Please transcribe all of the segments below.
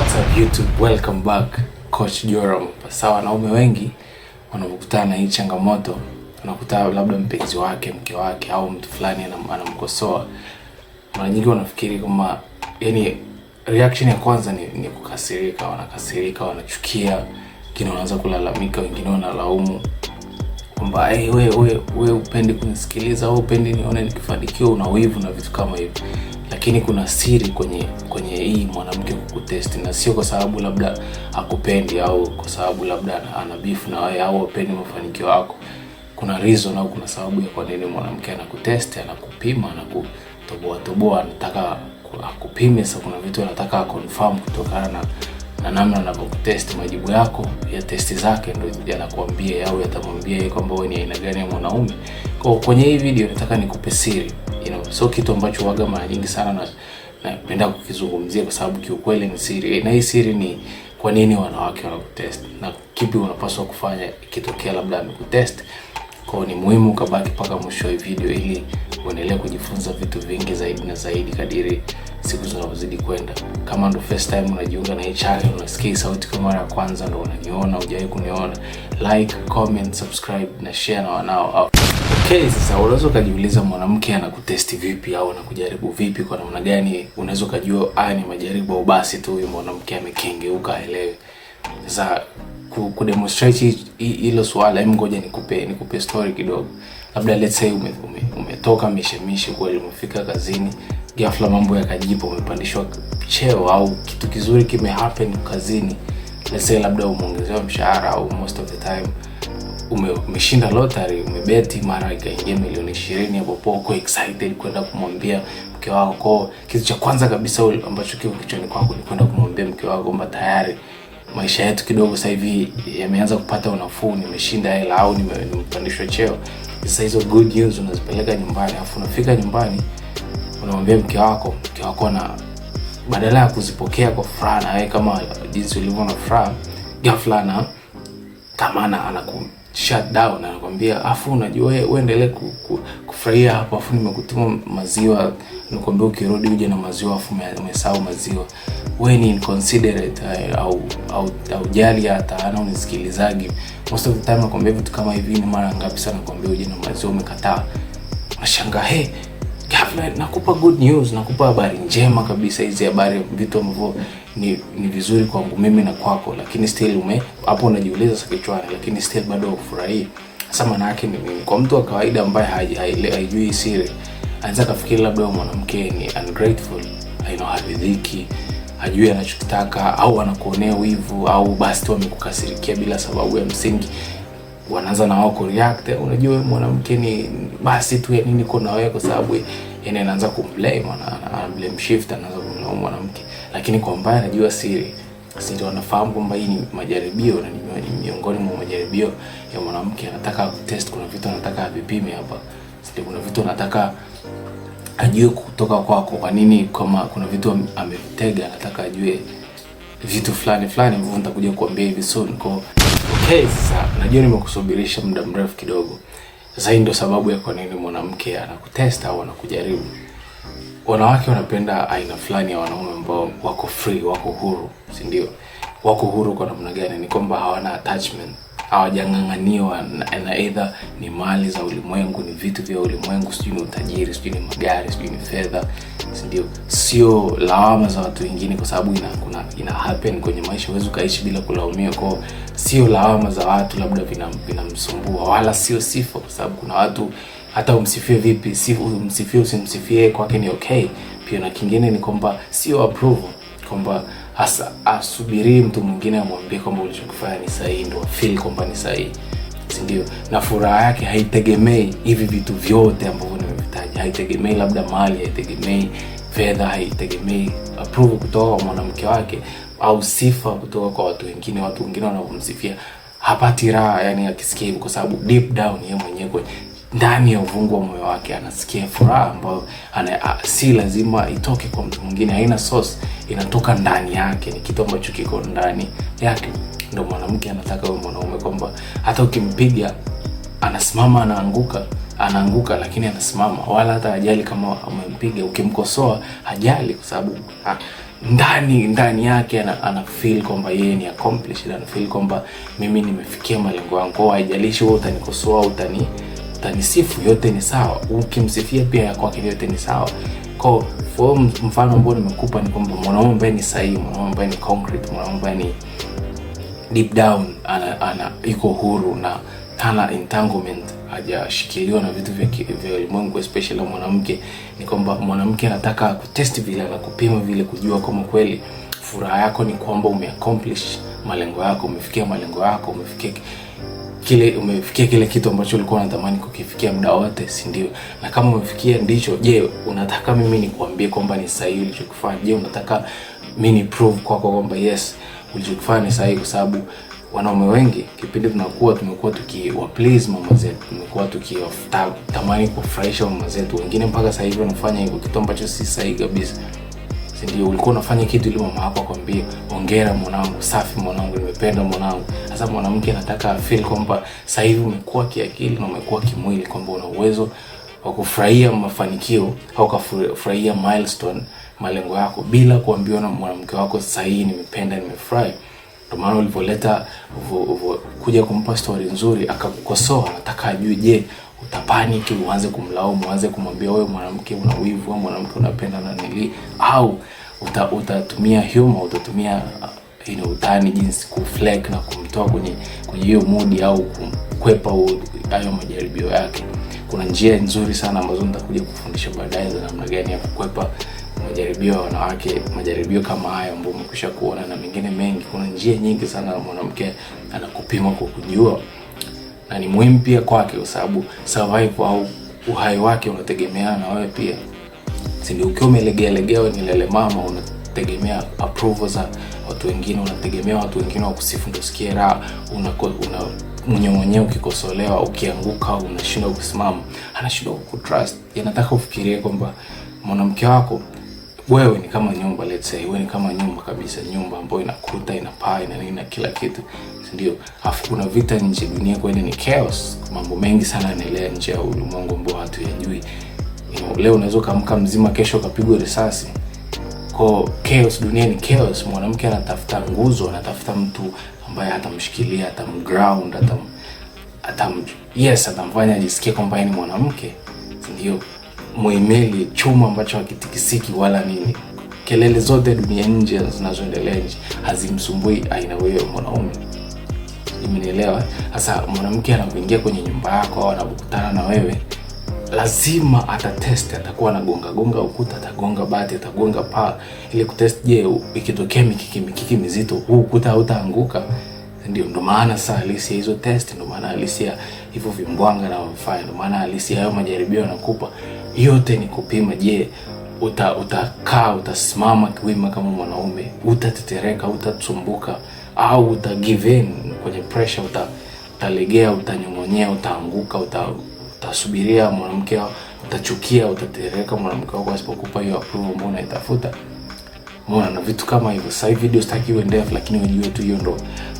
What's up YouTube? Welcome back. Coach Joram. Sawa, wanaume wengi wanapokutana na hii changamoto, wanakutana labda mpenzi wake, mke wake au mtu fulani anamkosoa. Mara nyingi wanafikiri kama yani reaction ya kwanza ni, ni kukasirika, wanakasirika, wanachukia, wengine wanaanza kulalamika, wengine wanalaumu kwamba hey, eh, we we we upendi kunisikiliza au upendi nione nikifanikiwa, una wivu na vitu kama hivyo lakini kuna siri kwenye kwenye hii mwanamke kukutesti, na sio kwa sababu labda akupendi au kwa sababu labda ana beef na wewe au apendi mafanikio yako. Kuna reason au kuna sababu ya kwa nini mwanamke anakutesti, anakupima, anakutoboa toboa, anataka akupime. Sasa kuna vitu anataka confirm kutokana na na namna anavyokutesti, majibu yako ya testi zake ndio yanakuambia au yatamwambia kwamba wewe ni aina gani ya mwanaume. Kwa kwenye hii video nataka nikupe siri wapi? sio kitu ambacho waga mara nyingi sana na napenda kukizungumzia kwa sababu kiukweli ni siri, E, na hii siri ni kwa nini wanawake wanakutest na kipi unapaswa kufanya ikitokea labda amekutest. Kwa ni muhimu kabaki mpaka mwisho wa video ili uendelee kujifunza vitu vingi zaidi na zaidi kadiri siku zinazozidi kwenda. Kama ndo first time unajiunga na hii channel, unasikia sauti kwa mara ya kwanza, ndo unaniona, hujawahi kuniona, like, comment, subscribe na share na wanao au Okay, sasa unaweza ukajiuliza mwanamke anakutesti vipi au anakujaribu vipi? Kwa namna gani unaweza ukajua haya ni majaribu au basi tu huyu mwanamke amekengeuka aelewe? Sasa ku demonstrate hilo swala, hebu ngoja nikupe nikupe story kidogo. Labda let's say ume, ume, umetoka mishemishe kweli, umefika kazini, ghafla mambo yakajipa, umepandishwa cheo au kitu kizuri kime happen kazini, let's say labda umeongezewa mshahara au most of the time umeshinda ume, lotari umebeti, mara ikaingia milioni ishirini hapo uko excited kwenda kumwambia mke wako. ko kitu cha kwanza kabisa ambacho kiko kichwani kwako ni kwenda kumwambia mke wako kwamba tayari maisha yetu kidogo sasa hivi yameanza kupata unafuu, nimeshinda hela au nimepandishwa cheo. Sasa hizo good news unazipeleka nyumbani, afu unafika nyumbani unamwambia mke wako, mke wako na badala ya kuzipokea kwa furaha na wewe kama jinsi ulivyo na furaha, ghafla na kamana anaku shut down, anakwambia afu unajua wewe uendelee ku, ku, kufurahia hapo, afu nimekutuma maziwa, nikwambia ukirudi uje na maziwa, afu umesahau maziwa. Wewe ni inconsiderate eh, au au au jali hata ana unisikilizagi. Most of the time nakwambia vitu kama hivi, ni mara ngapi sana nakwambia uje na maziwa, umekataa. nashangaa hey Tafla, nakupa good news, nakupa habari njema kabisa. Hizi habari vitu ambavyo ni, ni vizuri kwangu mimi na kwako, lakini still ume hapo unajiuliza sasa kichwani, lakini still bado hufurahii. Sasa maana yake ni nini? Kwa mtu wa kawaida ambaye haijui siri, anaweza kafikiri labda mwanamke ni ungrateful, haina haridhiki, hajui anachotaka, au anakuonea wivu, au basi tu amekukasirikia bila sababu ya msingi wanaanza na wao kureact, unajua mwanamke ni basi tu yani niko na wewe, kwa sababu yani anaanza kumblame, ana blame shift, anaanza kumlaumu mwanamke, lakini kwa mbaya anajua siri sisi ndio wanafahamu kwamba hii ni majaribio na ni miongoni mwa majaribio ya mwanamke. Anataka test, kuna vitu anataka avipime hapa, sio? Kuna vitu anataka ajue kutoka kwako. Kwa nini? Kama kuna vitu amevitega, anataka ajue vitu fulani fulani ambavyo nitakuja kuambia hivi soon kwa sasa najua nimekusubirisha muda mrefu kidogo. Sasa hii ndio sababu ya kwa nini mwanamke anakutesta au anakujaribu. Wanawake wanapenda aina fulani ya wanaume ambao wako free, wako huru, si ndio? Wako huru kwa namna gani? Ni kwamba hawana attachment, hawajang'ang'aniwa na, na either ni mali za ulimwengu, ni vitu vya ulimwengu, sijui ni utajiri, sijui ni magari, sijui ni fedha, sindio ndio? Sio lawama za watu wengine, kwa sababu ina kuna, ina happen kwenye maisha, huwezi ukaishi bila kulaumiwa. Kwa sio lawama za watu labda vinamsumbua, wala sio sifa, kwa sababu kuna watu hata umsifie vipi, si umsifie, usimsifie, kwake ni okay pia. Na kingine ni kwamba sio approval, kwamba hasa asubiri mtu mwingine amwambie kwamba ulichokifanya ni sahihi, ndio feel kwamba ni sahihi, sindio ndio? Na furaha yake haitegemei hivi vitu vyote ambavyo haitegemei labda mali, haitegemei fedha, haitegemei approval kutoka kwa mwanamke wake au sifa kutoka kwa watu wengine, watu wengine wanavyomsifia. Hapati raha yani akisikia hivo kwa sababu deep down ye mwenyewe ndani ya uvungu wa moyo wake anasikia furaha ambayo si lazima itoke kwa mtu mwingine, haina source, inatoka ndani yake. Ni kitu ambacho kiko ndani yake. ndo mwanamke anataka mwanaume, kwamba hata ukimpiga anasimama anaanguka anaanguka, lakini anasimama, wala hata ajali kama amempiga. Ukimkosoa hajali, kwa sababu ah, ndani ndani yake ana, ana feel kwamba yeye ni accomplished, ana feel kwamba mimi nimefikia malengo yangu. Kwao haijalishi wewe utanikosoa, utani utanisifu, yote ni sawa. Ukimsifia pia ya kwake yote ni sawa. Kwa hiyo mfano ambao nimekupa ni kwamba mwanaume ambaye ni sahihi, mwanaume ambaye ni concrete, mwanaume ambaye ni deep down ana, ana iko huru na hana entanglement hajashikiliwa na vitu vya ulimwengu, especially mwanamke, ni kwamba mwanamke anataka kutest vile, anakupima vile, kujua kama kweli furaha yako ni kwamba umeaccomplish malengo yako, umefikia malengo yako, umefikia kile umefikia kile kitu ambacho ulikuwa unatamani kukifikia muda wote, si ndio? Na kama umefikia ndicho, je, unataka mimi nikuambie kwamba ni sahihi ulichokifanya? Je, unataka mimi ni prove kwako kwamba yes ulichokifanya ni sahihi, kwa sababu wanaume wengi kipindi tunakuwa tumekuwa tukiwa please mama zetu, tumekuwa tukiwatamani kufurahisha mama zetu. Wengine mpaka sasa hivi wanafanya hivyo, kitu ambacho si sahihi kabisa. Ndio ulikuwa unafanya kitu ili mama yako akwambia ongera mwanangu, safi mwanangu, nimependa mwanangu. hasa mwanamke anataka afeel kwamba sasa hivi umekuwa kiakili na umekuwa kimwili, kwamba una uwezo wa kufurahia mafanikio au kufurahia milestone, malengo yako bila kuambiwa na mwanamke wako, sasa nimependa, nimefurahi. Ndio maana ulivyoleta kuja kumpa stori nzuri akakukosoa, nataka ajue, je, utapaniki uanze kumlaumu, uanze kumwambia wewe mwanamke una wivu, mwanamke unapenda na nili, au uta, utatumia humor, utatumia you utani, jinsi kuflake na kumtoa kwenye kwenye hiyo mudi au kukwepa hayo majaribio yake. Kuna njia nzuri sana ambazo nitakuja kufundisha baadaye za namna gani ya kukwepa majaribio ya wanawake, majaribio kama hayo ambayo umekwisha kuona na mengine mengi. Kuna njia nyingi sana mwanamke anakupima kwa kujua, na ni muhimu pia kwake, kwa sababu survival au uhai wake unategemeana na wewe pia, si ndio? Ukiwa umelegea legea, ni lele mama, unategemea approval za watu wengine, unategemea watu wengine wa kusifu ndio sikia raha, una, una mwenye mwenyewe, ukikosolewa, ukianguka, unashindwa kusimama, anashindwa kukutrust. Yanataka ufikirie kwamba mwanamke wako wewe ni kama nyumba, let's say wewe ni kama nyumba kabisa, nyumba ambayo inakuta kuta, ina nini na kila kitu, si ndio? Afu kuna vita nje, dunia kweli ni chaos, mambo mengi sana yanaelea nje ya ulimwengu ambao watu yajui. Leo unaweza kaamka mzima, kesho kapigwa risasi. Kwa chaos, dunia ni chaos. Mwanamke anatafuta nguzo, anatafuta mtu ambaye atamshikilia, atamground, atam atam yes, atamfanya ajisikie kwamba yeye ni mwanamke, si ndio? muhimili, chuma ambacho hakitikisiki wala nini. Kelele zote dunia nje zinazoendelea nje hazimsumbui aina huyo mwanaume. Imenielewa? Sasa mwanamke anapoingia kwenye nyumba yako au anapokutana na wewe, lazima atatest, atakuwa anagonga gonga ukuta, atagonga bati, atagonga paa ili kutest, je, ikitokea mikiki mikiki mizito huu ukuta hautaanguka? Ndio, ndo maana sasa halisi hizo test, ndo maana halisi hivyo vimbwanga na wafanya, ndo maana halisi hayo majaribio yanakupa yote ni kupima. Je, uta utakaa utasimama kiwima kama mwanaume? Utatetereka? utasumbuka au uta give in kwenye pressure? Uta utalegea? Utanyong'onyea? Utaanguka? uta utasubiria mwanamke? Utachukia? Utatetereka mwanamke wako asipokupa hiyo approval ambayo unaitafuta? Umeona, na vitu kama hivyo. Sasa hivi video sitaki iwe ndefu, lakini ujue tu hiyo ndo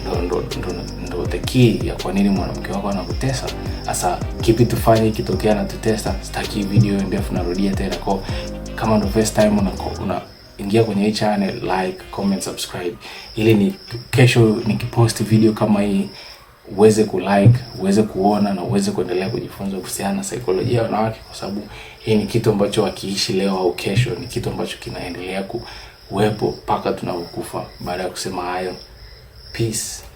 ndo ndo ndo ndo the key ya kwa nini mwanamke wako anakutesa. Sasa kipi tufanye ikitokea tutesa? Sitaki video iwe ndefu, narudia tena kwa kama ndo first time una, una ingia kwenye hii channel, like, comment, subscribe, ili ni kesho nikipost video kama hii uweze kulike, uweze kuona na uweze kuendelea kujifunza kuhusiana na saikolojia ya wanawake, kwa sababu hii ni kitu ambacho wakiishi leo au kesho, ni kitu ambacho kinaendelea ku uwepo mpaka tunapokufa. Baada ya kusema hayo, peace.